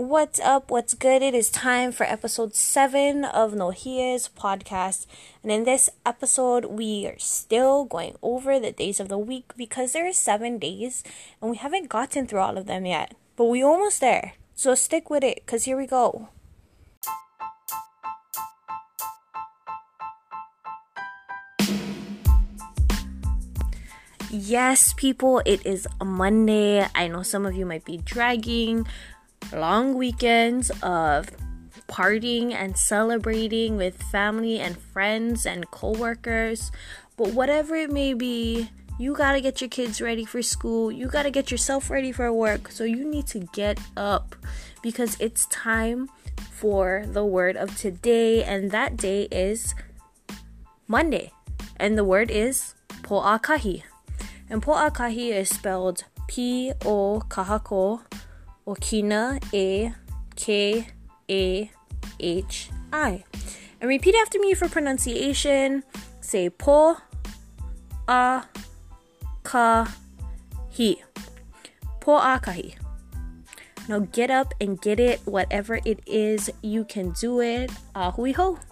What's up? What's good? It is time for episode 7 of Nohia's podcast. And in this episode, we are still going over the days of the week because there are 7 days and we haven't gotten through all of them yet. But we almost there. So stick with it cuz here we go. Yes, people, it is Monday. I know some of you might be dragging long weekends of partying and celebrating with family and friends and coworkers. But whatever it may be, you got to get your kids ready for school. You got to get yourself ready for work. So you need to get up because it's time for the word of today and that day is Monday. And the word is po'akahi. And po'akahi is spelled P O kahako Okina A K A H I. And repeat after me for pronunciation. Say po a ka hi. Po a ka hi. Now get up and get it. Whatever it is, you can do it. Ahui ho.